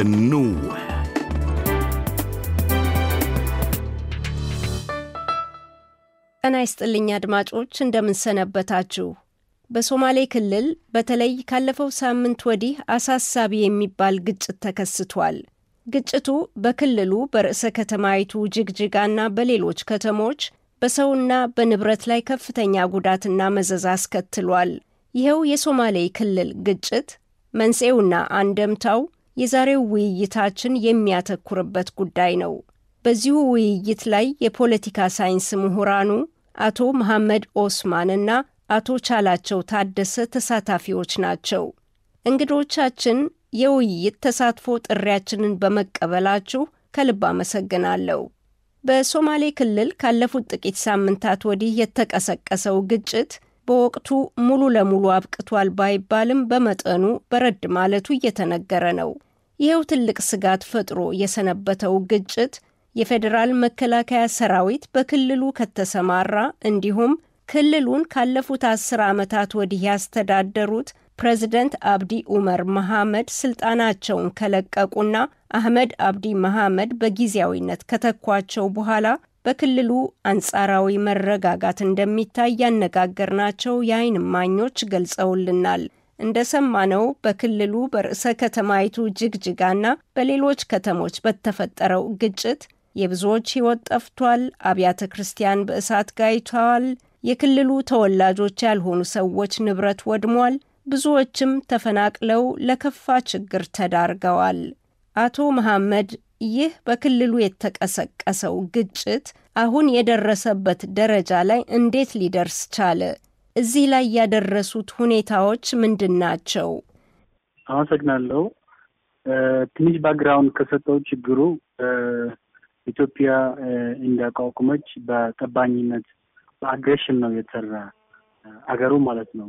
nú. ጤና ይስጥልኝ አድማጮች፣ እንደምንሰነበታችሁ። በሶማሌ ክልል በተለይ ካለፈው ሳምንት ወዲህ አሳሳቢ የሚባል ግጭት ተከስቷል። ግጭቱ በክልሉ በርዕሰ ከተማይቱ ጅግጅጋና በሌሎች ከተሞች በሰውና በንብረት ላይ ከፍተኛ ጉዳትና መዘዝ አስከትሏል። ይኸው የሶማሌ ክልል ግጭት መንስኤውና አንደምታው የዛሬው ውይይታችን የሚያተኩርበት ጉዳይ ነው። በዚሁ ውይይት ላይ የፖለቲካ ሳይንስ ምሁራኑ አቶ መሐመድ እና አቶ ቻላቸው ታደሰ ተሳታፊዎች ናቸው። እንግዶቻችን የውይይት ተሳትፎ ጥሪያችንን በመቀበላችሁ ከልብ አመሰግናለሁ። በሶማሌ ክልል ካለፉት ጥቂት ሳምንታት ወዲህ የተቀሰቀሰው ግጭት በወቅቱ ሙሉ ለሙሉ አብቅቷል ባይባልም በመጠኑ በረድ ማለቱ እየተነገረ ነው። ይኸው ትልቅ ስጋት ፈጥሮ የሰነበተው ግጭት የፌዴራል መከላከያ ሰራዊት በክልሉ ከተሰማራ እንዲሁም ክልሉን ካለፉት አስር ዓመታት ወዲህ ያስተዳደሩት ፕሬዚደንት አብዲ ኡመር መሐመድ ስልጣናቸውን ከለቀቁና አህመድ አብዲ መሐመድ በጊዜያዊነት ከተኳቸው በኋላ በክልሉ አንጻራዊ መረጋጋት እንደሚታይ ያነጋገርናቸው የአይን እማኞች ገልጸውልናል። እንደሰማነው በክልሉ በርዕሰ ከተማይቱ ጅግጅጋና በሌሎች ከተሞች በተፈጠረው ግጭት የብዙዎች ሕይወት ጠፍቷል። አብያተ ክርስቲያን በእሳት ጋይቷዋል። የክልሉ ተወላጆች ያልሆኑ ሰዎች ንብረት ወድሟል። ብዙዎችም ተፈናቅለው ለከፋ ችግር ተዳርገዋል። አቶ መሐመድ ይህ በክልሉ የተቀሰቀሰው ግጭት አሁን የደረሰበት ደረጃ ላይ እንዴት ሊደርስ ቻለ? እዚህ ላይ ያደረሱት ሁኔታዎች ምንድን ናቸው? አመሰግናለሁ። ትንሽ ባክግራውንድ ከሰጠው ችግሩ ኢትዮጵያ እንዳቋቁመች በጠባኝነት በአግሬሽን ነው የተሰራ አገሩ ማለት ነው።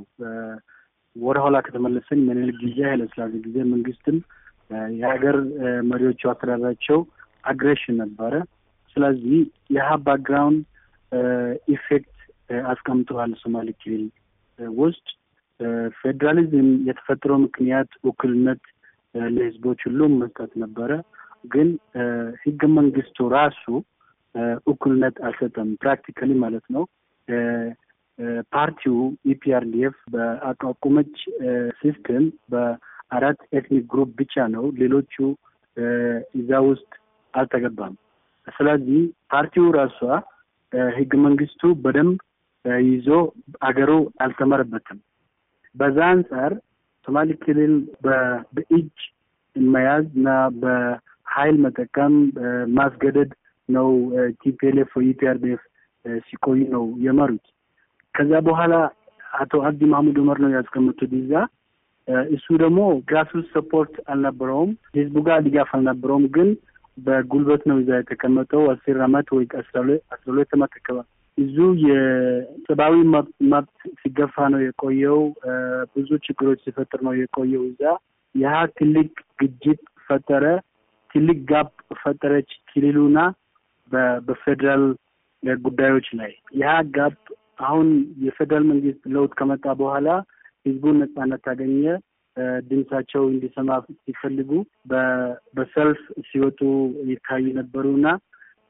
ወደኋላ ከተመለሰን ምኒልክ ጊዜ ኃይለስላሴ ጊዜ መንግስትም የሀገር መሪዎቹ ያካሄዳቸው አግሬሽን ነበረ። ስለዚህ ይህ ባክግራውንድ ኢፌክት አስቀምጠዋል ሶማሌ ክልል ውስጥ። ፌዴራሊዝም የተፈጠረው ምክንያት እኩልነት ለህዝቦች ሁሉም መስጠት ነበረ። ግን ህገ መንግስቱ ራሱ እኩልነት አልሰጠም፣ ፕራክቲካሊ ማለት ነው። ፓርቲው ኢፒአርዲኤፍ በአቋቁመች ሲስተም አራት ኤትኒክ ግሩፕ ብቻ ነው። ሌሎቹ እዛ ውስጥ አልተገባም። ስለዚህ ፓርቲው ራሷ ህገ መንግስቱ በደንብ ይዞ አገሩ አልተመረበትም። በዛ አንጻር ሶማሌ ክልል በእጅ መያዝ እና በኃይል መጠቀም ማስገደድ ነው ቲፒኤልኤፍ ዩፒአርዴፍ ሲቆዩ ነው የመሩት። ከዛ በኋላ አቶ አብዲ ማህሙድ ዑመር ነው ያስቀምጡት ይዛ እሱ ደግሞ ግራስሩት ሰፖርት አልነበረውም፣ ህዝቡ ጋር ድጋፍ አልነበረውም። ግን በጉልበት ነው እዛ የተቀመጠው አስር አመት ወይ አስራ ሁለት አመት አካባቢ እዙ የሰብአዊ መብት ሲገፋ ነው የቆየው። ብዙ ችግሮች ሲፈጥር ነው የቆየው እዛ። ይህ ትልቅ ግጅት ፈጠረ፣ ትልቅ ጋፕ ፈጠረች ክልሉና በፌዴራል ጉዳዮች ላይ። ይህ ጋፕ አሁን የፌዴራል መንግስት ለውጥ ከመጣ በኋላ ህዝቡን ነጻነት ካገኘ ድምጻቸው እንዲሰማ ሲፈልጉ በሰልፍ ሲወጡ ይታዩ ነበሩ እና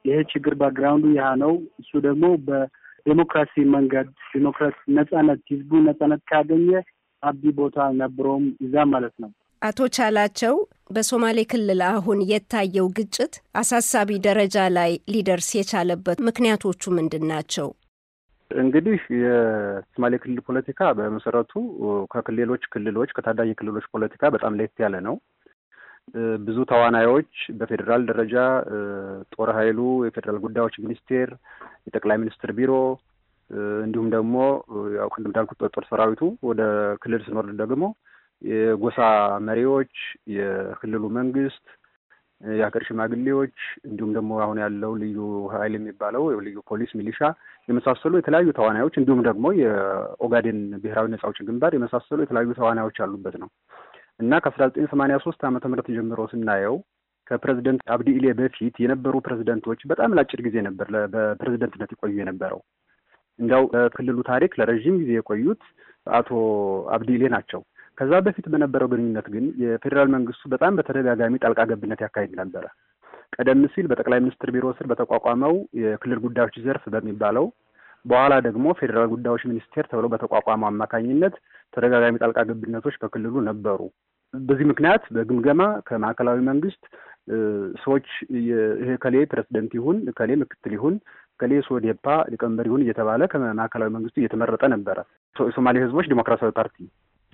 ይሄ ችግር ባክግራውንዱ ያ ነው። እሱ ደግሞ በዴሞክራሲ መንገድ ዴሞክራሲ ነጻነት ህዝቡ ነጻነት ካገኘ አብዲ ቦታ ነብሮም ይዛ ማለት ነው። አቶ ቻላቸው በሶማሌ ክልል አሁን የታየው ግጭት አሳሳቢ ደረጃ ላይ ሊደርስ የቻለበት ምክንያቶቹ ምንድን ናቸው? እንግዲህ የሶማሌ ክልል ፖለቲካ በመሰረቱ ከክልሎች ክልሎች ከታዳጊ ክልሎች ፖለቲካ በጣም ለየት ያለ ነው። ብዙ ተዋናዮች በፌዴራል ደረጃ ጦር ኃይሉ፣ የፌዴራል ጉዳዮች ሚኒስቴር፣ የጠቅላይ ሚኒስትር ቢሮ እንዲሁም ደግሞ ቅድም እንዳልኩት ጦር ሰራዊቱ፣ ወደ ክልል ስንወርድ ደግሞ የጎሳ መሪዎች፣ የክልሉ መንግስት የሀገር ሽማግሌዎች እንዲሁም ደግሞ አሁን ያለው ልዩ ኃይል የሚባለው ልዩ ፖሊስ፣ ሚሊሻ የመሳሰሉ የተለያዩ ተዋናዮች እንዲሁም ደግሞ የኦጋዴን ብሔራዊ ነጻ አውጪ ግንባር የመሳሰሉ የተለያዩ ተዋናዮች ያሉበት ነው እና ከአስራ ዘጠኝ ሰማንያ ሶስት ዓመተ ምህረት ጀምሮ ስናየው ከፕሬዚደንት አብዲ ኢሌ በፊት የነበሩ ፕሬዚደንቶች በጣም ለአጭር ጊዜ ነበር በፕሬዚደንትነት የቆዩ የነበረው። እንዲያው በክልሉ ታሪክ ለረዥም ጊዜ የቆዩት አቶ አብዲ ኢሌ ናቸው። ከዛ በፊት በነበረው ግንኙነት ግን የፌዴራል መንግስቱ በጣም በተደጋጋሚ ጣልቃ ገብነት ያካሄድ ነበረ። ቀደም ሲል በጠቅላይ ሚኒስትር ቢሮ ስር በተቋቋመው የክልል ጉዳዮች ዘርፍ በሚባለው በኋላ ደግሞ ፌዴራል ጉዳዮች ሚኒስቴር ተብሎ በተቋቋመው አማካኝነት ተደጋጋሚ ጣልቃ ገብነቶች በክልሉ ነበሩ። በዚህ ምክንያት በግምገማ ከማዕከላዊ መንግስት ሰዎች ይሄ ከሌ ፕሬዚደንት ይሁን ከሌ ምክትል ይሁን ከሌ ሶዴፓ ሊቀመንበር ይሁን እየተባለ ከማዕከላዊ መንግስቱ እየተመረጠ ነበረ። የሶማሌ ህዝቦች ዲሞክራሲያዊ ፓርቲ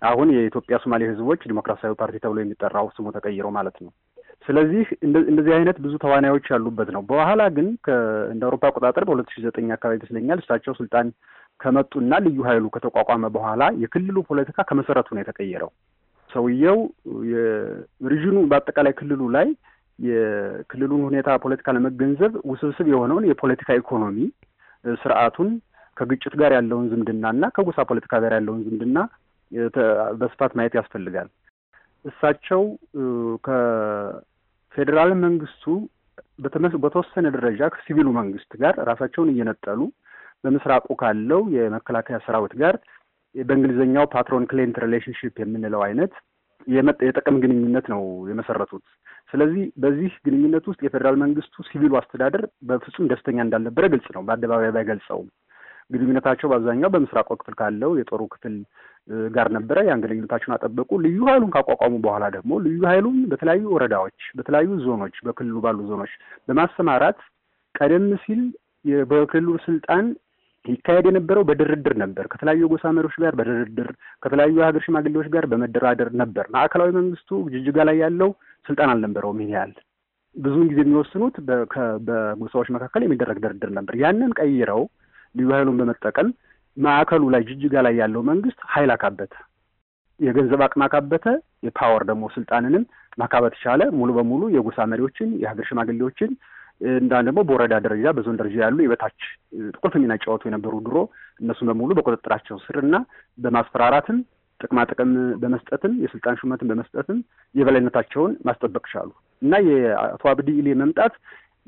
አሁን የኢትዮጵያ ሶማሌ ህዝቦች ዲሞክራሲያዊ ፓርቲ ተብሎ የሚጠራው ስሙ ተቀይሮ ማለት ነው። ስለዚህ እንደዚህ አይነት ብዙ ተዋናዮች ያሉበት ነው። በኋላ ግን እንደ አውሮፓ አቆጣጠር በሁለት ሺ ዘጠኝ አካባቢ ይመስለኛል እሳቸው ስልጣን ከመጡና ልዩ ኃይሉ ከተቋቋመ በኋላ የክልሉ ፖለቲካ ከመሰረቱ ነው የተቀየረው። ሰውየው የሪዥኑ በአጠቃላይ ክልሉ ላይ የክልሉን ሁኔታ ፖለቲካ ለመገንዘብ ውስብስብ የሆነውን የፖለቲካ ኢኮኖሚ ስርዓቱን ከግጭት ጋር ያለውን ዝምድና እና ከጎሳ ፖለቲካ ጋር ያለውን ዝምድና በስፋት ማየት ያስፈልጋል። እሳቸው ከፌዴራል መንግስቱ በተወሰነ ደረጃ ከሲቪሉ መንግስት ጋር ራሳቸውን እየነጠሉ በምስራቁ ካለው የመከላከያ ሰራዊት ጋር በእንግሊዝኛው ፓትሮን ክሌንት ሪሌሽንሽፕ የምንለው አይነት የጥቅም ግንኙነት ነው የመሰረቱት። ስለዚህ በዚህ ግንኙነት ውስጥ የፌዴራል መንግስቱ ሲቪሉ አስተዳደር በፍጹም ደስተኛ እንዳልነበረ ግልጽ ነው። በአደባባይ ባይገልጸውም ግንኙነታቸው በአብዛኛው በምስራቁ ክፍል ካለው የጦሩ ክፍል ጋር ነበረ። ያን ግንኙነታቸውን አጠበቁ። ልዩ ኃይሉን ካቋቋሙ በኋላ ደግሞ ልዩ ኃይሉን በተለያዩ ወረዳዎች፣ በተለያዩ ዞኖች፣ በክልሉ ባሉ ዞኖች በማሰማራት ቀደም ሲል በክልሉ ስልጣን ይካሄድ የነበረው በድርድር ነበር። ከተለያዩ የጎሳ መሪዎች ጋር በድርድር ከተለያዩ የሀገር ሽማግሌዎች ጋር በመደራደር ነበር። ማዕከላዊ መንግስቱ ጅጅጋ ላይ ያለው ስልጣን አልነበረውም። ይሄ ያህል ብዙውን ጊዜ የሚወስኑት በጎሳዎች መካከል የሚደረግ ድርድር ነበር። ያንን ቀይረው ልዩ ኃይሉን በመጠቀም ማዕከሉ ላይ ጅጅጋ ላይ ያለው መንግስት ኃይል አካበተ፣ የገንዘብ አቅም አካበተ፣ የፓወር ደግሞ ስልጣንንም ማካበት ቻለ። ሙሉ በሙሉ የጎሳ መሪዎችን፣ የሀገር ሽማግሌዎችን እንዳን ደግሞ በወረዳ ደረጃ በዞን ደረጃ ያሉ የበታች ቁልፍ ሚና ጫወቱ የነበሩ ድሮ እነሱን በሙሉ በቁጥጥራቸው ስር እና በማስፈራራትም ጥቅማ ጥቅም በመስጠትም የስልጣን ሹመትን በመስጠትም የበላይነታቸውን ማስጠበቅ ቻሉ እና የአቶ አብዲ ኢሌ መምጣት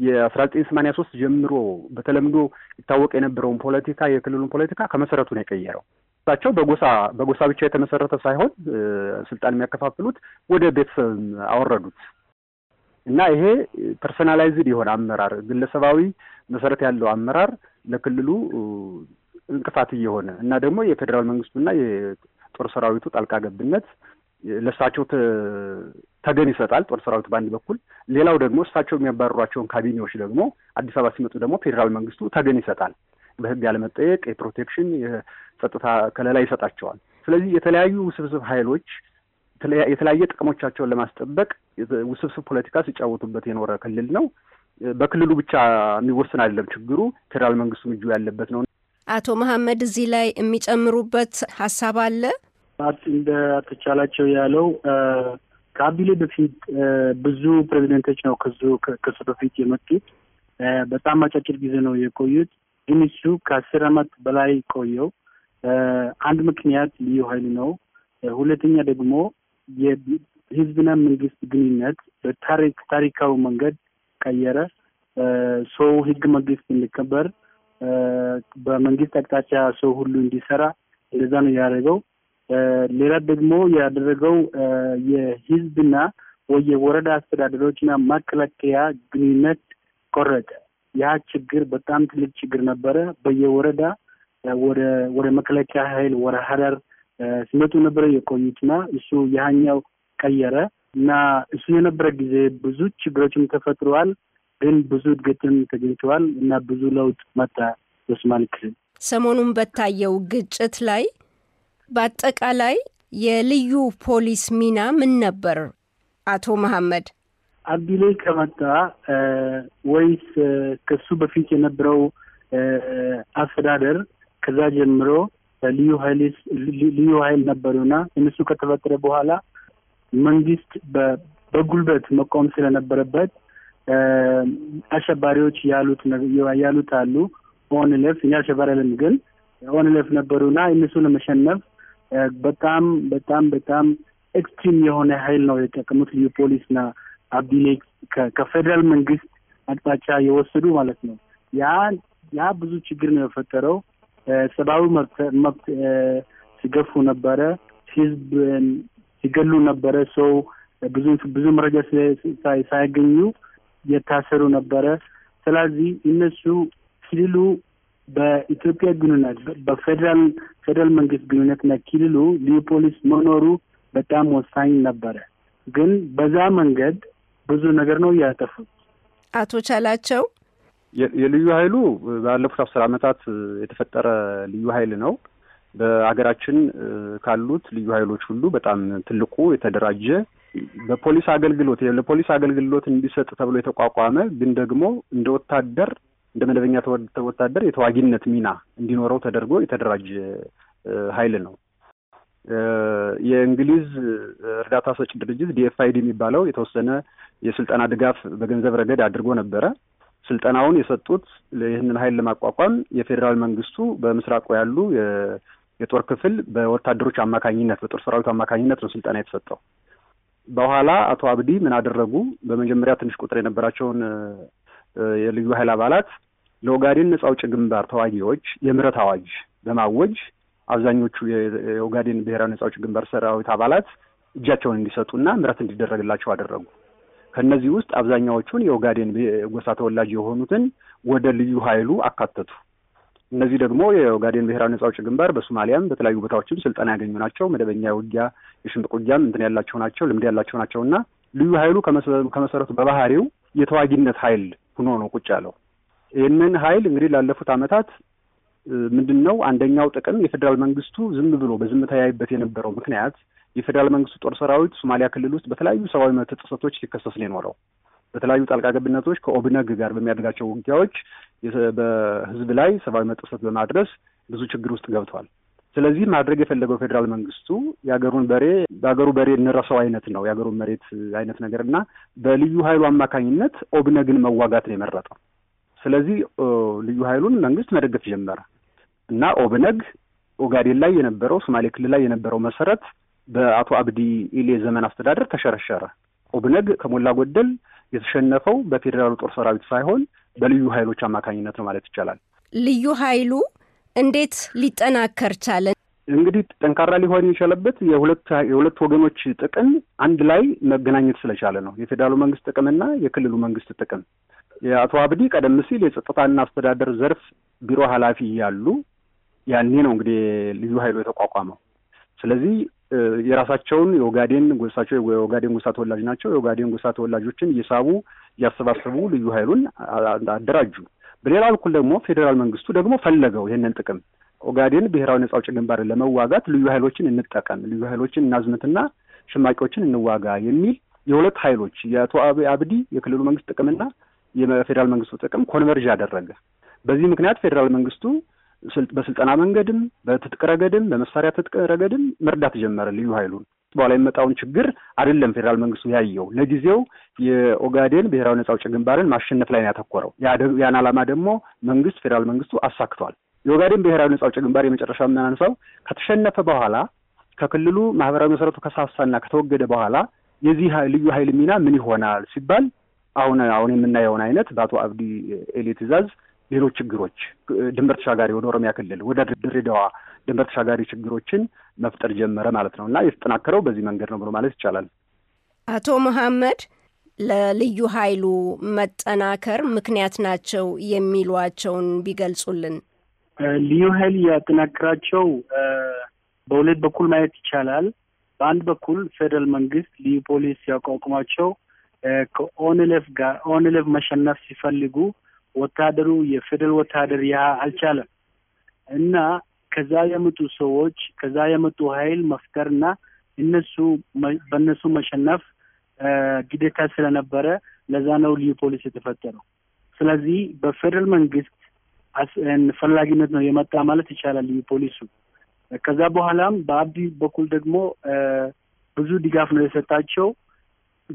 የአስራ ዘጠኝ ሰማኒያ ሶስት ጀምሮ በተለምዶ ይታወቅ የነበረውን ፖለቲካ የክልሉን ፖለቲካ ከመሰረቱ ነው የቀየረው። እሳቸው በጎሳ በጎሳ ብቻ የተመሰረተ ሳይሆን ስልጣን የሚያከፋፍሉት ወደ ቤተሰብ አወረዱት እና ይሄ ፐርሰናላይዝድ የሆነ አመራር፣ ግለሰባዊ መሰረት ያለው አመራር ለክልሉ እንቅፋት እየሆነ እና ደግሞ የፌዴራል መንግስቱና የጦር ሰራዊቱ ጣልቃ ገብነት ለእሳቸው ተገን ይሰጣል ጦር ሰራዊት በአንድ በኩል፣ ሌላው ደግሞ እሳቸው የሚያባረሯቸውን ካቢኔዎች ደግሞ አዲስ አበባ ሲመጡ ደግሞ ፌዴራል መንግስቱ ተገን ይሰጣል። በህግ ያለመጠየቅ የፕሮቴክሽን የጸጥታ ከለላ ይሰጣቸዋል። ስለዚህ የተለያዩ ውስብስብ ኃይሎች የተለያየ ጥቅሞቻቸውን ለማስጠበቅ ውስብስብ ፖለቲካ ሲጫወቱበት የኖረ ክልል ነው። በክልሉ ብቻ የሚወስን አይደለም ችግሩ፣ ፌዴራል መንግስቱ እጁ ያለበት ነው። አቶ መሀመድ እዚህ ላይ የሚጨምሩበት ሀሳብ አለ? ተቻላቸው ያለው ከአቢሌ በፊት ብዙ ፕሬዚደንቶች ነው ከሱ በፊት የመጡት። በጣም አጫጭር ጊዜ ነው የቆዩት፣ ግን እሱ ከአስር አመት በላይ ቆየው። አንድ ምክንያት ልዩ ኃይል ነው። ሁለተኛ ደግሞ የህዝብና መንግስት ግንኙነት በታሪክ ታሪካዊ መንገድ ቀየረ። ሰው ህግ መንግስት እንዲከበር በመንግስት አቅጣጫ ሰው ሁሉ እንዲሰራ እንደዛ ነው ያደረገው። ሌላ ደግሞ ያደረገው የህዝብና ወይ የወረዳ አስተዳደሮችና መከላከያ ግንኙነት ቆረጠ። ያ ችግር በጣም ትልቅ ችግር ነበረ። በየወረዳ ወደ መከላከያ ኃይል ወደ ሀረር ሲመጡ ነበረ የቆዩትና እሱ ያኛው ቀየረ እና እሱ የነበረ ጊዜ ብዙ ችግሮችም ተፈጥረዋል፣ ግን ብዙ እድገትም ተገኝተዋል እና ብዙ ለውጥ መጣ በሶማሌ ክልል። ሰሞኑን በታየው ግጭት ላይ በአጠቃላይ የልዩ ፖሊስ ሚና ምን ነበር? አቶ መሐመድ አብዲሌ ከመጣ ወይስ ከሱ በፊት የነበረው አስተዳደር ከዛ ጀምሮ ልዩ ኃይልስ ልዩ ኃይል ነበሩና እነሱ ከተፈጠረ በኋላ መንግስት በጉልበት መቆም ስለነበረበት አሸባሪዎች ያሉት ያሉት አሉ ኦንለፍ እኛ አሸባሪ አለን ግን ኦንለፍ ነበሩና እነሱ ለመሸነፍ በጣም በጣም በጣም ኤክስትሪም የሆነ ሀይል ነው የጠቀሙት ልዩ ፖሊስና አብዲሌ ከፌደራል መንግስት አቅጣጫ የወሰዱ ማለት ነው። ያ ያ ብዙ ችግር ነው የፈጠረው። ሰብአዊ መብት ሲገፉ ነበረ፣ ህዝብ ሲገሉ ነበረ፣ ሰው ብዙ ብዙ መረጃ ሳያገኙ የታሰሩ ነበረ። ስለዚህ እነሱ ክልሉ በኢትዮጵያ ግንኙነት በፌደራል ፌደራል መንግስት ግንኙነትና ክልሉ ልዩ ፖሊስ መኖሩ በጣም ወሳኝ ነበረ። ግን በዛ መንገድ ብዙ ነገር ነው እያጠፉት። አቶ ቻላቸው የልዩ ኃይሉ ባለፉት አስር ዓመታት የተፈጠረ ልዩ ኃይል ነው። በሀገራችን ካሉት ልዩ ኃይሎች ሁሉ በጣም ትልቁ የተደራጀ በፖሊስ አገልግሎት ለፖሊስ አገልግሎት እንዲሰጥ ተብሎ የተቋቋመ ግን ደግሞ እንደ ወታደር እንደ መደበኛ ወታደር የተዋጊነት ሚና እንዲኖረው ተደርጎ የተደራጀ ኃይል ነው። የእንግሊዝ እርዳታ ሰጪ ድርጅት ዲኤፍአይዲ የሚባለው የተወሰነ የስልጠና ድጋፍ በገንዘብ ረገድ አድርጎ ነበረ። ስልጠናውን የሰጡት ይህንን ኃይል ለማቋቋም የፌዴራል መንግስቱ በምስራቁ ያሉ የጦር ክፍል በወታደሮች አማካኝነት በጦር ሰራዊቱ አማካኝነት ነው ስልጠና የተሰጠው። በኋላ አቶ አብዲ ምን አደረጉ? በመጀመሪያ ትንሽ ቁጥር የነበራቸውን የልዩ ኃይል አባላት ለኦጋዴን ነጻ አውጪ ግንባር ተዋጊዎች የምህረት አዋጅ በማወጅ አብዛኞቹ የኦጋዴን ብሔራዊ ነጻ አውጪ ግንባር ሰራዊት አባላት እጃቸውን እንዲሰጡና ምህረት እንዲደረግላቸው አደረጉ። ከእነዚህ ውስጥ አብዛኛዎቹን የኦጋዴን ጎሳ ተወላጅ የሆኑትን ወደ ልዩ ኃይሉ አካተቱ። እነዚህ ደግሞ የኦጋዴን ብሔራዊ ነጻ አውጪ ግንባር በሶማሊያም በተለያዩ ቦታዎችም ስልጠና ያገኙ ናቸው። መደበኛ ውጊያ፣ የሽምቅ ውጊያም እንትን ያላቸው ናቸው፣ ልምድ ያላቸው ናቸው እና ልዩ ኃይሉ ከመሰረቱ በባህሪው የተዋጊነት ኃይል ሁኖ ነው ቁጭ ያለው። ይህንን ኃይል እንግዲህ ላለፉት ዓመታት ምንድን ነው አንደኛው ጥቅም የፌዴራል መንግስቱ ዝም ብሎ በዝምታ ያይበት የነበረው ምክንያት የፌዴራል መንግስቱ ጦር ሰራዊት ሶማሊያ ክልል ውስጥ በተለያዩ ሰብአዊ መብት ጥሰቶች ሲከሰስ ነው የኖረው። በተለያዩ ጣልቃ ገብነቶች ከኦብነግ ጋር በሚያደርጋቸው ውጊያዎች በህዝብ ላይ ሰብአዊ መብት ጥሰት በማድረስ ብዙ ችግር ውስጥ ገብቷል። ስለዚህ ማድረግ የፈለገው ፌዴራል መንግስቱ የሀገሩን በሬ በሀገሩ በሬ እንረሰው አይነት ነው የሀገሩን መሬት አይነት ነገር እና በልዩ ኃይሉ አማካኝነት ኦብነግን መዋጋት ነው የመረጠው። ስለዚህ ልዩ ኃይሉን መንግስት መደገፍ ጀመረ እና ኦብነግ ኦጋዴን ላይ የነበረው ሶማሌ ክልል ላይ የነበረው መሰረት በአቶ አብዲ ኢሌ ዘመን አስተዳደር ተሸረሸረ። ኦብነግ ከሞላ ጎደል የተሸነፈው በፌዴራሉ ጦር ሰራዊት ሳይሆን በልዩ ኃይሎች አማካኝነት ነው ማለት ይቻላል። ልዩ ኃይሉ እንዴት ሊጠናከር ቻለ? እንግዲህ ጠንካራ ሊሆን የቻለበት የሁለት ወገኖች ጥቅም አንድ ላይ መገናኘት ስለቻለ ነው። የፌዴራሉ መንግስት ጥቅምና የክልሉ መንግስት ጥቅም የአቶ አብዲ ቀደም ሲል የጸጥታና አስተዳደር ዘርፍ ቢሮ ኃላፊ ያሉ ያኔ ነው እንግዲህ ልዩ ኃይሉ የተቋቋመው። ስለዚህ የራሳቸውን የኦጋዴን ጎሳቸው የኦጋዴን ጎሳ ተወላጅ ናቸው። የኦጋዴን ጎሳ ተወላጆችን እየሳቡ እያሰባሰቡ ልዩ ኃይሉን አደራጁ። በሌላ በኩል ደግሞ ፌዴራል መንግስቱ ደግሞ ፈለገው ይህንን ጥቅም ኦጋዴን ብሔራዊ ነጻ አውጪ ግንባርን ለመዋጋት ልዩ ኃይሎችን እንጠቀም፣ ልዩ ኃይሎችን እናዝምትና ሸማቂዎችን እንዋጋ የሚል የሁለት ኃይሎች የአቶ አብዲ የክልሉ መንግስት ጥቅምና የፌዴራል መንግስቱ ጥቅም ኮንቨርዥ አደረገ። በዚህ ምክንያት ፌዴራል መንግስቱ በስልጠና መንገድም፣ በትጥቅ ረገድም፣ በመሳሪያ ትጥቅ ረገድም መርዳት ጀመረ ልዩ ኃይሉን። በኋላ የመጣውን ችግር አይደለም ፌዴራል መንግስቱ ያየው። ለጊዜው የኦጋዴን ብሔራዊ ነጻ አውጪ ግንባርን ማሸነፍ ላይ ነው ያተኮረው። ያን ዓላማ ደግሞ መንግስት ፌዴራል መንግስቱ አሳክቷል። የኦጋዴን ብሔራዊ ነጻ አውጪ ግንባር የመጨረሻ የምናነሳው ከተሸነፈ በኋላ ከክልሉ ማህበራዊ መሰረቱ ከሳሳና ከተወገደ በኋላ የዚህ ልዩ ኃይል ሚና ምን ይሆናል ሲባል አሁን አሁን የምናየውን አይነት በአቶ አብዲ ኤሊ ትእዛዝ ሌሎች ችግሮች ድንበር ተሻጋሪ ወደ ኦሮሚያ ክልል ወደ ድሬዳዋ ድንበር ተሻጋሪ ችግሮችን መፍጠር ጀመረ ማለት ነው እና የተጠናከረው በዚህ መንገድ ነው ብሎ ማለት ይቻላል። አቶ መሐመድ ለልዩ ኃይሉ መጠናከር ምክንያት ናቸው የሚሏቸውን ቢገልጹልን። ልዩ ኃይል ያጠናክራቸው በሁለት በኩል ማየት ይቻላል። በአንድ በኩል ፌደራል መንግስት ልዩ ፖሊስ ያቋቁማቸው ከኦንሌፍ ጋር ኦንለፍ መሸነፍ ሲፈልጉ ወታደሩ የፌደራል ወታደር ያ አልቻለም እና ከዛ የመጡ ሰዎች ከዛ የመጡ ሀይል መፍጠርና እነሱ በእነሱ መሸነፍ ግዴታ ስለነበረ ለዛ ነው ልዩ ፖሊስ የተፈጠረው። ስለዚህ በፌደራል መንግስት ፈላጊነት ነው የመጣ ማለት ይቻላል ልዩ ፖሊሱ። ከዛ በኋላም በአብዲ በኩል ደግሞ ብዙ ድጋፍ ነው የሰጣቸው፣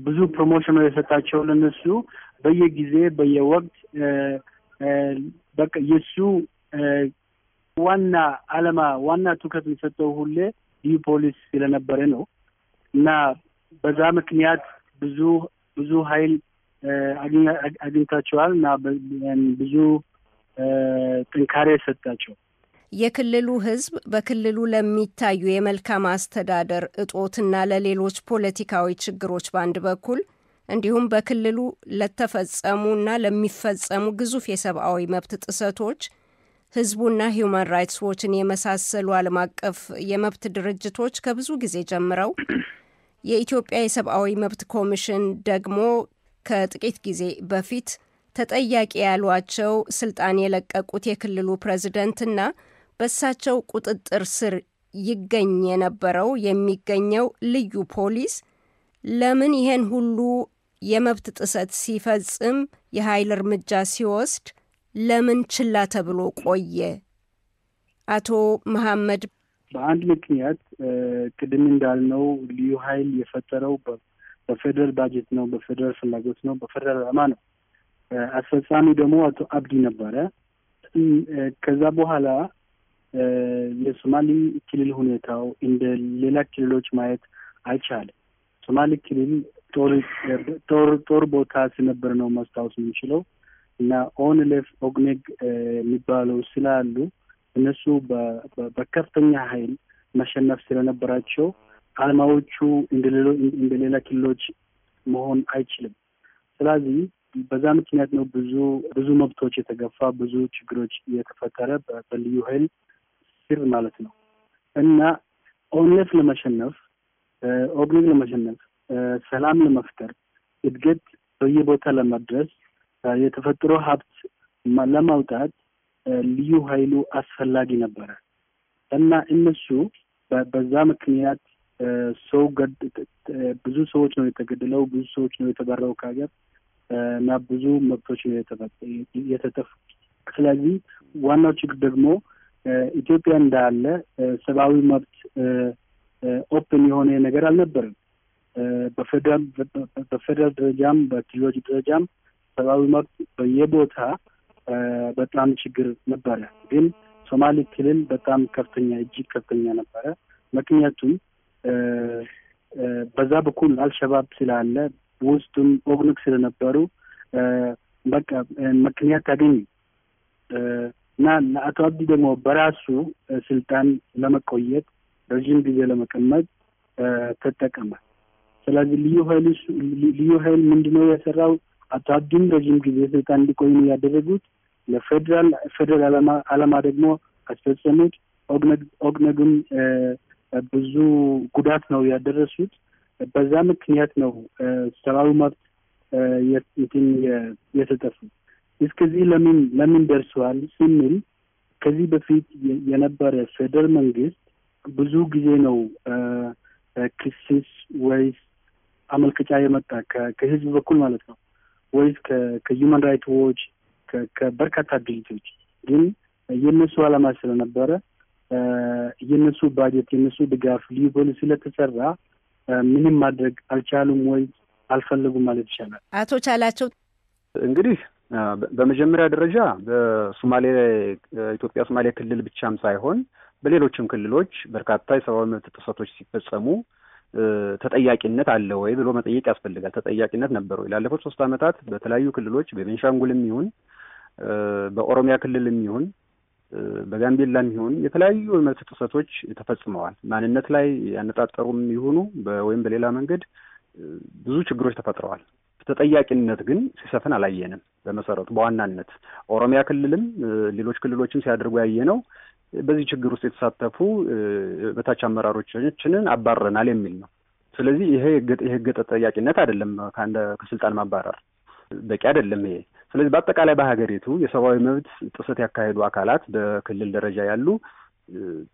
ብዙ ፕሮሞሽን ነው የሰጣቸው ለነሱ በየጊዜ በየወቅት በቃ የእሱ ዋና አለማ ዋና ትኩረት የሚሰጠው ሁሌ ልዩ ፖሊስ ስለነበረ ነው እና በዛ ምክንያት ብዙ ብዙ ኃይል አግኝታቸዋል እና ብዙ ጥንካሬ ሰጣቸው። የክልሉ ህዝብ በክልሉ ለሚታዩ የመልካም አስተዳደር እጦትና ለሌሎች ፖለቲካዊ ችግሮች በአንድ በኩል እንዲሁም በክልሉ ለተፈጸሙና ለሚፈጸሙ ግዙፍ የሰብአዊ መብት ጥሰቶች ህዝቡና ሂውማን ራይትስ ዎችን የመሳሰሉ ዓለም አቀፍ የመብት ድርጅቶች ከብዙ ጊዜ ጀምረው የኢትዮጵያ የሰብአዊ መብት ኮሚሽን ደግሞ ከጥቂት ጊዜ በፊት ተጠያቂ ያሏቸው ስልጣን የለቀቁት የክልሉ ፕሬዝደንትና በሳቸው ቁጥጥር ስር ይገኝ የነበረው የሚገኘው ልዩ ፖሊስ ለምን ይሄን ሁሉ የመብት ጥሰት ሲፈጽም የኃይል እርምጃ ሲወስድ ለምን ተብሎ ቆየ? አቶ መሐመድ በአንድ ምክንያት ቅድም እንዳልነው ልዩ ኃይል የፈጠረው በፌዴራል ባጀት ነው፣ በፌደራል ፍላጎት ነው፣ በፌደራል ዓላማ ነው። አስፈጻሚ ደግሞ አቶ አብዲ ነበረ። ከዛ በኋላ የሶማሌ ክልል ሁኔታው እንደ ሌላ ክልሎች ማየት አልቻለም። ሶማሌ ክልል ጦር ጦር ቦታ ሲነበር ነው ማስታወስ የምንችለው። እና ኦንሌፍ ኦግኔግ የሚባለው ስላሉ እነሱ በከፍተኛ ኃይል መሸነፍ ስለነበራቸው አልማዎቹ እንደሌላ ክልሎች መሆን አይችልም። ስለዚህ በዛ ምክንያት ነው ብዙ ብዙ መብቶች የተገፋ ብዙ ችግሮች እየተፈጠረ በልዩ ኃይል ስር ማለት ነው እና ኦንሌፍ ለመሸነፍ ኦግኔግ ለመሸነፍ ሰላም ለመፍጠር እድገት በየቦታ ለማድረስ የተፈጥሮ ሀብት ለማውጣት ልዩ ኃይሉ አስፈላጊ ነበረ እና እነሱ በዛ ምክንያት ሰው ብዙ ሰዎች ነው የተገደለው፣ ብዙ ሰዎች ነው የተባረው ከሀገር እና ብዙ መብቶች ነው የተጠፉት። ስለዚህ ዋናው ችግር ደግሞ ኢትዮጵያ እንዳለ ሰብአዊ መብት ኦፕን የሆነ ነገር አልነበረም። በፌደራል ደረጃም በክልሎች ደረጃም ሰብአዊ መብት በየቦታ በጣም ችግር ነበረ። ግን ሶማሌ ክልል በጣም ከፍተኛ እጅግ ከፍተኛ ነበረ። ምክንያቱም በዛ በኩል አልሸባብ ስላለ ውስጡም ኦብነግ ስለነበሩ በቃ ምክንያት ታገኙ እና ለአቶ አብዲ ደግሞ በራሱ ስልጣን ለመቆየት ረዥም ጊዜ ለመቀመጥ ተጠቀመ። ስለዚህ ልዩ ኃይል ልዩ ኃይል ምንድነው የሰራው? አቶ አብዲም ረዥም ጊዜ ስልጣን እንዲቆይኑ ያደረጉት ለፌዴራል ፌዴራል አላማ ደግሞ አስፈጸሙት። ኦግነግም ብዙ ጉዳት ነው ያደረሱት። በዛ ምክንያት ነው ሰብአዊ መብት እንትን የተጠፉ እስከዚህ ለምን ለምን ደርሰዋል ስንል ከዚህ በፊት የነበረ ፌደራል መንግስት ብዙ ጊዜ ነው ክስስ ወይስ አመልከጫ የመጣ ከህዝብ በኩል ማለት ነው ወይስ ከዩማን ራይት ዎች ከበርካታ ድርጅቶች ግን የእነሱ አላማ ስለነበረ የእነሱ ባጀት የእነሱ ድጋፍ ልዩ ስለተሰራ ምንም ማድረግ አልቻሉም ወይ አልፈለጉም ማለት ይቻላል። አቶ ቻላቸው እንግዲህ በመጀመሪያ ደረጃ በሶማሌ ኢትዮጵያ ሶማሌ ክልል ብቻም ሳይሆን በሌሎችም ክልሎች በርካታ የሰብአዊ መብት ጥሰቶች ሲፈጸሙ ተጠያቂነት አለ ወይ ብሎ መጠየቅ ያስፈልጋል። ተጠያቂነት ነበር ወይ? ላለፉት ሶስት ዓመታት በተለያዩ ክልሎች በቤንሻንጉልም ይሁን በኦሮሚያ ክልልም ይሁን በጋምቤላም ይሁን የተለያዩ የመብት ጥሰቶች ተፈጽመዋል። ማንነት ላይ ያነጣጠሩም ይሁኑ ወይም በሌላ መንገድ ብዙ ችግሮች ተፈጥረዋል። ተጠያቂነት ግን ሲሰፍን አላየንም። በመሰረቱ በዋናነት ኦሮሚያ ክልልም ሌሎች ክልሎችም ሲያደርጉ ያየ ነው በዚህ ችግር ውስጥ የተሳተፉ በታች አመራሮችችንን አባረናል የሚል ነው። ስለዚህ ይሄ የህግ ተጠያቂነት አይደለም። ከአንድ ከስልጣን ማባረር በቂ አይደለም ይሄ። ስለዚህ በአጠቃላይ በሀገሪቱ የሰብአዊ መብት ጥሰት ያካሄዱ አካላት በክልል ደረጃ ያሉ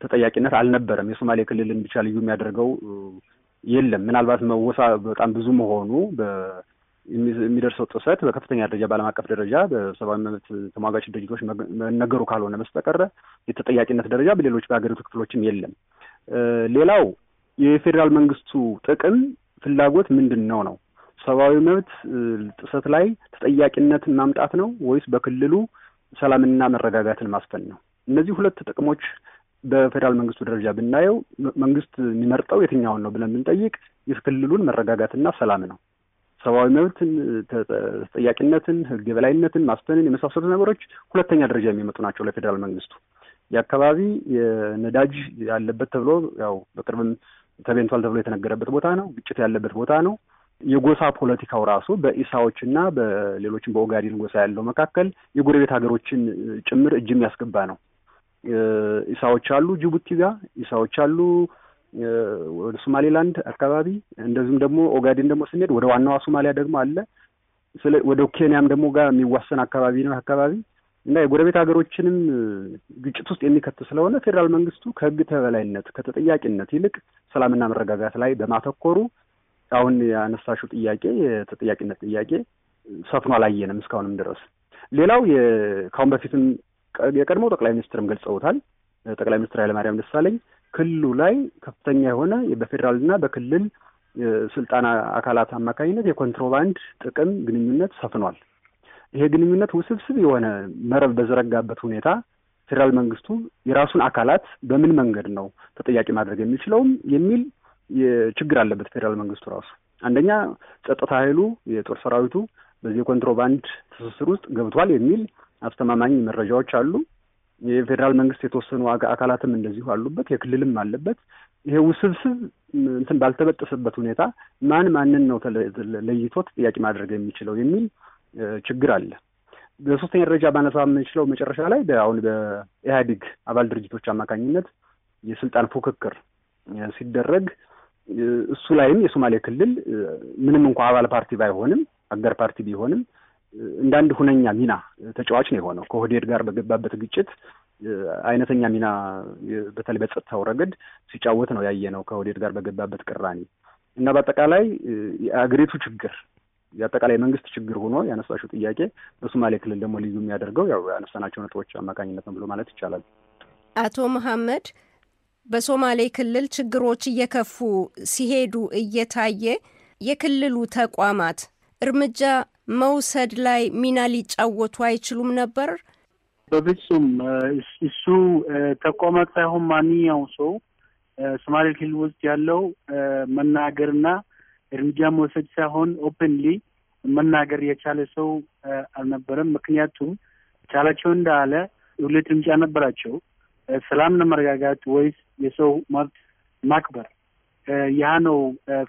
ተጠያቂነት አልነበረም። የሶማሌ ክልልን ብቻ ልዩ የሚያደርገው የለም። ምናልባት መወሳ በጣም ብዙ መሆኑ የሚደርሰው ጥሰት በከፍተኛ ደረጃ በዓለም አቀፍ ደረጃ በሰብአዊ መብት ተሟጋች ድርጅቶች መነገሩ ካልሆነ በስተቀረ የተጠያቂነት ደረጃ በሌሎች በሀገሪቱ ክፍሎችም የለም። ሌላው የፌዴራል መንግስቱ ጥቅም ፍላጎት ምንድን ነው ነው? ሰብአዊ መብት ጥሰት ላይ ተጠያቂነትን ማምጣት ነው ወይስ በክልሉ ሰላምና መረጋጋትን ማስፈን ነው? እነዚህ ሁለት ጥቅሞች በፌዴራል መንግስቱ ደረጃ ብናየው መንግስት የሚመርጠው የትኛውን ነው ብለን ብንጠይቅ የክልሉን መረጋጋትና ሰላም ነው። ሰብአዊ መብትን፣ ተጠያቂነትን፣ ህግ የበላይነትን ማስፈንን የመሳሰሉት ነገሮች ሁለተኛ ደረጃ የሚመጡ ናቸው ለፌዴራል መንግስቱ። የአካባቢ የነዳጅ ያለበት ተብሎ ያው በቅርብም ተቤንቷል ተብሎ የተነገረበት ቦታ ነው። ግጭት ያለበት ቦታ ነው። የጎሳ ፖለቲካው ራሱ በኢሳዎች እና በሌሎችም በኦጋዴን ጎሳ ያለው መካከል የጎረቤት ሀገሮችን ጭምር እጅ የሚያስገባ ነው። ኢሳዎች አሉ ጅቡቲ ጋር፣ ኢሳዎች አሉ ወደ ሶማሌላንድ አካባቢ እንደዚሁም ደግሞ ኦጋዴን ደግሞ ስንሄድ ወደ ዋናዋ ሶማሊያ ደግሞ አለ። ወደ ኬንያም ደግሞ ጋር የሚዋሰን አካባቢ ነው አካባቢ እና የጎረቤት ሀገሮችንም ግጭት ውስጥ የሚከት ስለሆነ ፌዴራል መንግስቱ ከህግ ተበላይነት ከተጠያቂነት ይልቅ ሰላምና መረጋጋት ላይ በማተኮሩ አሁን ያነሳሽው ጥያቄ የተጠያቂነት ጥያቄ ሰፍኖ አላየንም እስካሁንም ድረስ። ሌላው ከአሁን በፊትም የቀድሞ ጠቅላይ ሚኒስትርም ገልጸውታል። ጠቅላይ ሚኒስትር ኃይለማርያም ደሳለኝ ክልሉ ላይ ከፍተኛ የሆነ በፌዴራልና በክልል ስልጣን አካላት አማካኝነት የኮንትሮባንድ ጥቅም ግንኙነት ሰፍኗል። ይሄ ግንኙነት ውስብስብ የሆነ መረብ በዘረጋበት ሁኔታ ፌዴራል መንግስቱ የራሱን አካላት በምን መንገድ ነው ተጠያቂ ማድረግ የሚችለውም የሚል ችግር አለበት። ፌዴራል መንግስቱ ራሱ አንደኛ ጸጥታ ኃይሉ የጦር ሰራዊቱ በዚህ የኮንትሮባንድ ትስስር ውስጥ ገብቷል የሚል አስተማማኝ መረጃዎች አሉ። የፌዴራል መንግስት የተወሰኑ አካላትም እንደዚሁ አሉበት፣ የክልልም አለበት። ይሄ ውስብስብ እንትን ባልተበጠሰበት ሁኔታ ማን ማንን ነው ለይቶ ጥያቄ ማድረግ የሚችለው የሚል ችግር አለ። በሶስተኛ ደረጃ ባነሳ የምንችለው መጨረሻ ላይ አሁን በኢህአዴግ አባል ድርጅቶች አማካኝነት የስልጣን ፉክክር ሲደረግ እሱ ላይም የሶማሌ ክልል ምንም እንኳ አባል ፓርቲ ባይሆንም አገር ፓርቲ ቢሆንም እንደ አንድ ሁነኛ ሚና ተጫዋች ነው የሆነው። ከሆዴድ ጋር በገባበት ግጭት አይነተኛ ሚና በተለይ በጸጥታው ረገድ ሲጫወት ነው ያየ ነው ከሆዴድ ጋር በገባበት ቅራኔ እና በአጠቃላይ የአገሪቱ ችግር የአጠቃላይ መንግስት ችግር ሆኖ ያነሳሽው ጥያቄ በሶማሌ ክልል ደግሞ ልዩ የሚያደርገው ያው ያነሳናቸው ነጥቦች አማካኝነት ነው ብሎ ማለት ይቻላል። አቶ መሐመድ በሶማሌ ክልል ችግሮች እየከፉ ሲሄዱ እየታየ የክልሉ ተቋማት እርምጃ መውሰድ ላይ ሚና ሊጫወቱ አይችሉም ነበር? በፍጹም እሱ ተቋማት ሳይሆን ማንኛውም ሰው ሶማሌ ክልል ውስጥ ያለው መናገርና እርምጃ መውሰድ ሳይሆን ኦፕንሊ መናገር የቻለ ሰው አልነበረም። ምክንያቱም ቻላቸው እንዳለ ሁለት እርምጃ ነበራቸው። ሰላም መረጋጋት ወይስ የሰው መብት ማክበር። ያ ነው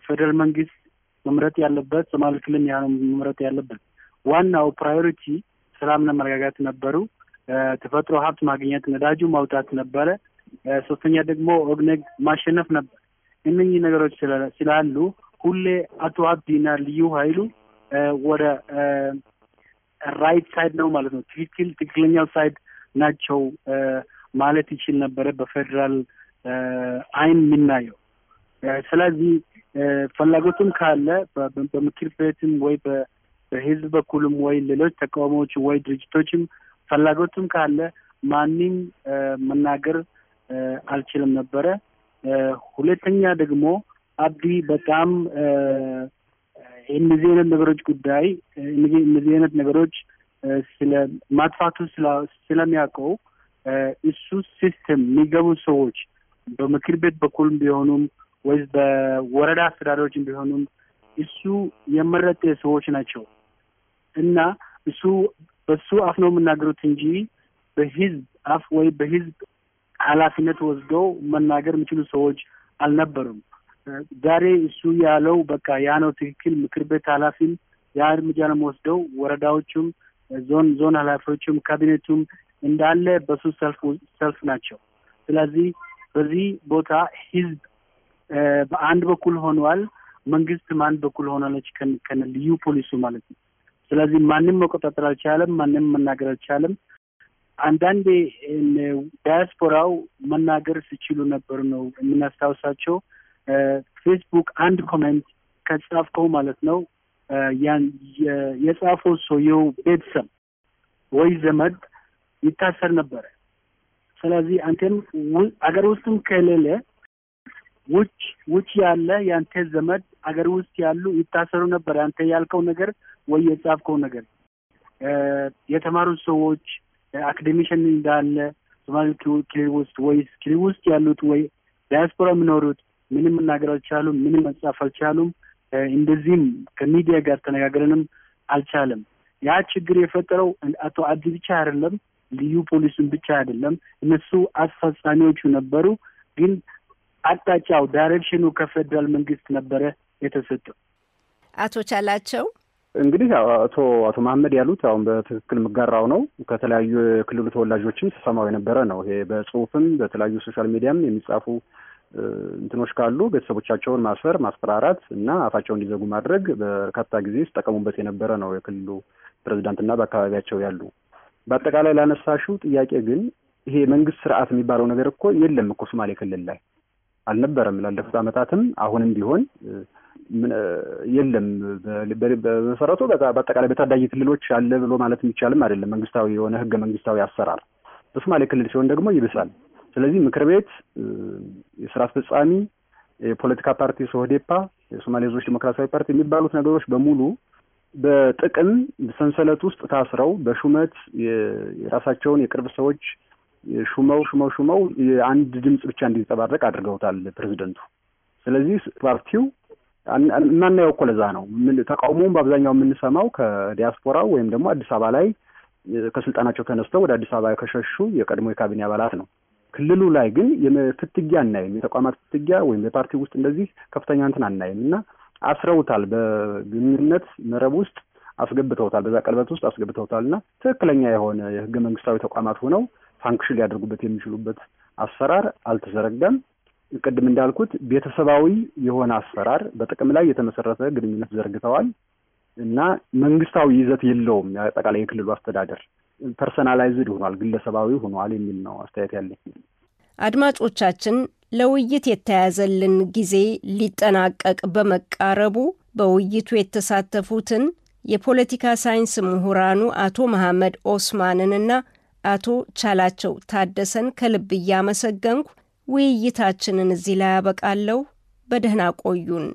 ፌደራል መንግስት መምረጥ ያለበት ሶማሌ ክልል ያ መምረጥ ያለበት ዋናው ፕራዮሪቲ ሰላምና መረጋጋት ነበሩ። ተፈጥሮ ሀብት ማግኘት ነዳጁ ማውጣት ነበረ። ሶስተኛ ደግሞ ኦግነግ ማሸነፍ ነበር። እነኚህ ነገሮች ስላሉ ሁሌ አቶ አብዲና ልዩ ኃይሉ ወደ ራይት ሳይድ ነው ማለት ነው። ትክክል ትክክለኛው ሳይድ ናቸው ማለት ይችል ነበረ በፌዴራል አይን የምናየው። ስለዚህ ፍላጎቱም ካለ በምክር ቤትም ወይ በህዝብ በኩልም ወይ ሌሎች ተቃውሞዎች ወይ ድርጅቶችም ፍላጎቱም ካለ ማንም መናገር አልችልም ነበረ። ሁለተኛ ደግሞ አብዲ በጣም እነዚህ አይነት ነገሮች ጉዳይ እነዚህ አይነት ነገሮች ስለ ማጥፋቱ ስለሚያውቀው እሱ ሲስተም የሚገቡ ሰዎች በምክር ቤት በኩልም ቢሆኑም ወይ በወረዳ አስተዳዳሪዎች እንዲሆኑም እሱ የመረጠ ሰዎች ናቸው እና እሱ በሱ አፍ ነው የምናገሩት እንጂ በህዝብ አፍ ወይ በህዝብ ኃላፊነት ወስደው መናገር የሚችሉ ሰዎች አልነበሩም። ዛሬ እሱ ያለው በቃ ያ ነው ትክክል። ምክር ቤት ኃላፊም ያ እርምጃ ነው ወስደው ወረዳዎቹም፣ ዞን ዞን ኃላፊዎቹም፣ ካቢኔቱም እንዳለ በሱ ሰልፍ ናቸው። ስለዚህ በዚህ ቦታ ህዝብ በአንድ በኩል ሆኗል። መንግስት ማን በኩል ሆናለች ከን ልዩ ፖሊሱ ማለት ነው። ስለዚህ ማንም መቆጣጠር አልቻለም፣ ማንም መናገር አልቻለም። አንዳንዴ ዳያስፖራው መናገር ሲችሉ ነበር ነው የምናስታውሳቸው። ፌስቡክ አንድ ኮሜንት ከጻፍከው ማለት ነው ያን የጻፈው ሰውየው ቤተሰብ ወይ ዘመድ ይታሰር ነበረ። ስለዚህ አንተም አገር ውስጥም ከሌለ ውጭ ውጭ ያለ ያንተ ዘመድ አገር ውስጥ ያሉ ይታሰሩ ነበር። አንተ ያልከው ነገር ወይ የጻፍከው ነገር የተማሩ ሰዎች አካዴሚሽን እንዳለ ሶማሌ ክልል ውስጥ ወይስ ክልል ውስጥ ያሉት ወይ ዳያስፖራ የሚኖሩት ምንም መናገር አልቻሉም። ምንም መጻፍ አልቻሉም። እንደዚህም ከሚዲያ ጋር ተነጋግረንም አልቻለም። ያ ችግር የፈጠረው አቶ አዲ ብቻ አይደለም፣ ልዩ ፖሊሱን ብቻ አይደለም፣ እነሱ አስፈጻሚዎቹ ነበሩ። ግን አቅጣጫው ዳይሬክሽኑ ከፌዴራል መንግስት ነበረ የተሰጠው። አቶ ቻላቸው እንግዲህ አቶ አቶ መሀመድ ያሉት አሁን በትክክል የምጋራው ነው። ከተለያዩ የክልሉ ተወላጆችም ስሰማው የነበረ ነው። ይሄ በጽሁፍም በተለያዩ ሶሻል ሚዲያም የሚጻፉ እንትኖች ካሉ ቤተሰቦቻቸውን ማስፈር፣ ማስፈራራት እና አፋቸው እንዲዘጉ ማድረግ በርካታ ጊዜ ሲጠቀሙበት የነበረ ነው የክልሉ ፕሬዚዳንትና በአካባቢያቸው ያሉ። በአጠቃላይ ላነሳሹ ጥያቄ ግን ይሄ መንግስት ስርዓት የሚባለው ነገር እኮ የለም እኮ ሶማሌ ክልል ላይ አልነበረም። ላለፉት ዓመታትም አሁንም ቢሆን የለም። በመሰረቱ በአጠቃላይ በታዳጊ ክልሎች አለ ብሎ ማለት የሚቻልም አይደለም። መንግስታዊ የሆነ ህገ መንግስታዊ አሰራር በሶማሌ ክልል ሲሆን ደግሞ ይብሳል። ስለዚህ ምክር ቤት፣ የስራ አስፈጻሚ፣ የፖለቲካ ፓርቲ ሶህዴፓ፣ የሶማሌ ህዝቦች ዲሞክራሲያዊ ፓርቲ የሚባሉት ነገሮች በሙሉ በጥቅም ሰንሰለት ውስጥ ታስረው በሹመት የራሳቸውን የቅርብ ሰዎች ሹመው ሹመው ሹመው አንድ ድምፅ ብቻ እንዲንጸባረቅ አድርገውታል ፕሬዚደንቱ። ስለዚህ ፓርቲው እናናየው እኮ ለዛ ነው ተቃውሞውን በአብዛኛው የምንሰማው ከዲያስፖራው ወይም ደግሞ አዲስ አበባ ላይ ከስልጣናቸው ተነስተው ወደ አዲስ አበባ ከሸሹ የቀድሞ የካቢኔ አባላት ነው። ክልሉ ላይ ግን ፍትጊያ አናይም። የተቋማት ፍትጊያ ወይም የፓርቲ ውስጥ እንደዚህ ከፍተኛ እንትን አናይም እና አስረውታል። በግንኙነት መረብ ውስጥ አስገብተውታል፣ በዛ ቀለበት ውስጥ አስገብተውታል እና ትክክለኛ የሆነ የህገ መንግስታዊ ተቋማት ሆነው ፋንክሽን ሊያደርጉበት የሚችሉበት አሰራር አልተዘረጋም። ቅድም እንዳልኩት ቤተሰባዊ የሆነ አሰራር በጥቅም ላይ የተመሰረተ ግንኙነት ዘርግተዋል እና መንግስታዊ ይዘት የለውም። አጠቃላይ የክልሉ አስተዳደር ፐርሰናላይዝድ ሆኗል፣ ግለሰባዊ ሆኗል የሚል ነው አስተያየት ያለኝ። አድማጮቻችን ለውይይት የተያዘልን ጊዜ ሊጠናቀቅ በመቃረቡ በውይይቱ የተሳተፉትን የፖለቲካ ሳይንስ ምሁራኑ አቶ መሐመድ ኦስማንንና አቶ ቻላቸው ታደሰን ከልብ እያመሰገንኩ ውይይታችንን እዚህ ላይ ያበቃለሁ። በደህና ቆዩን።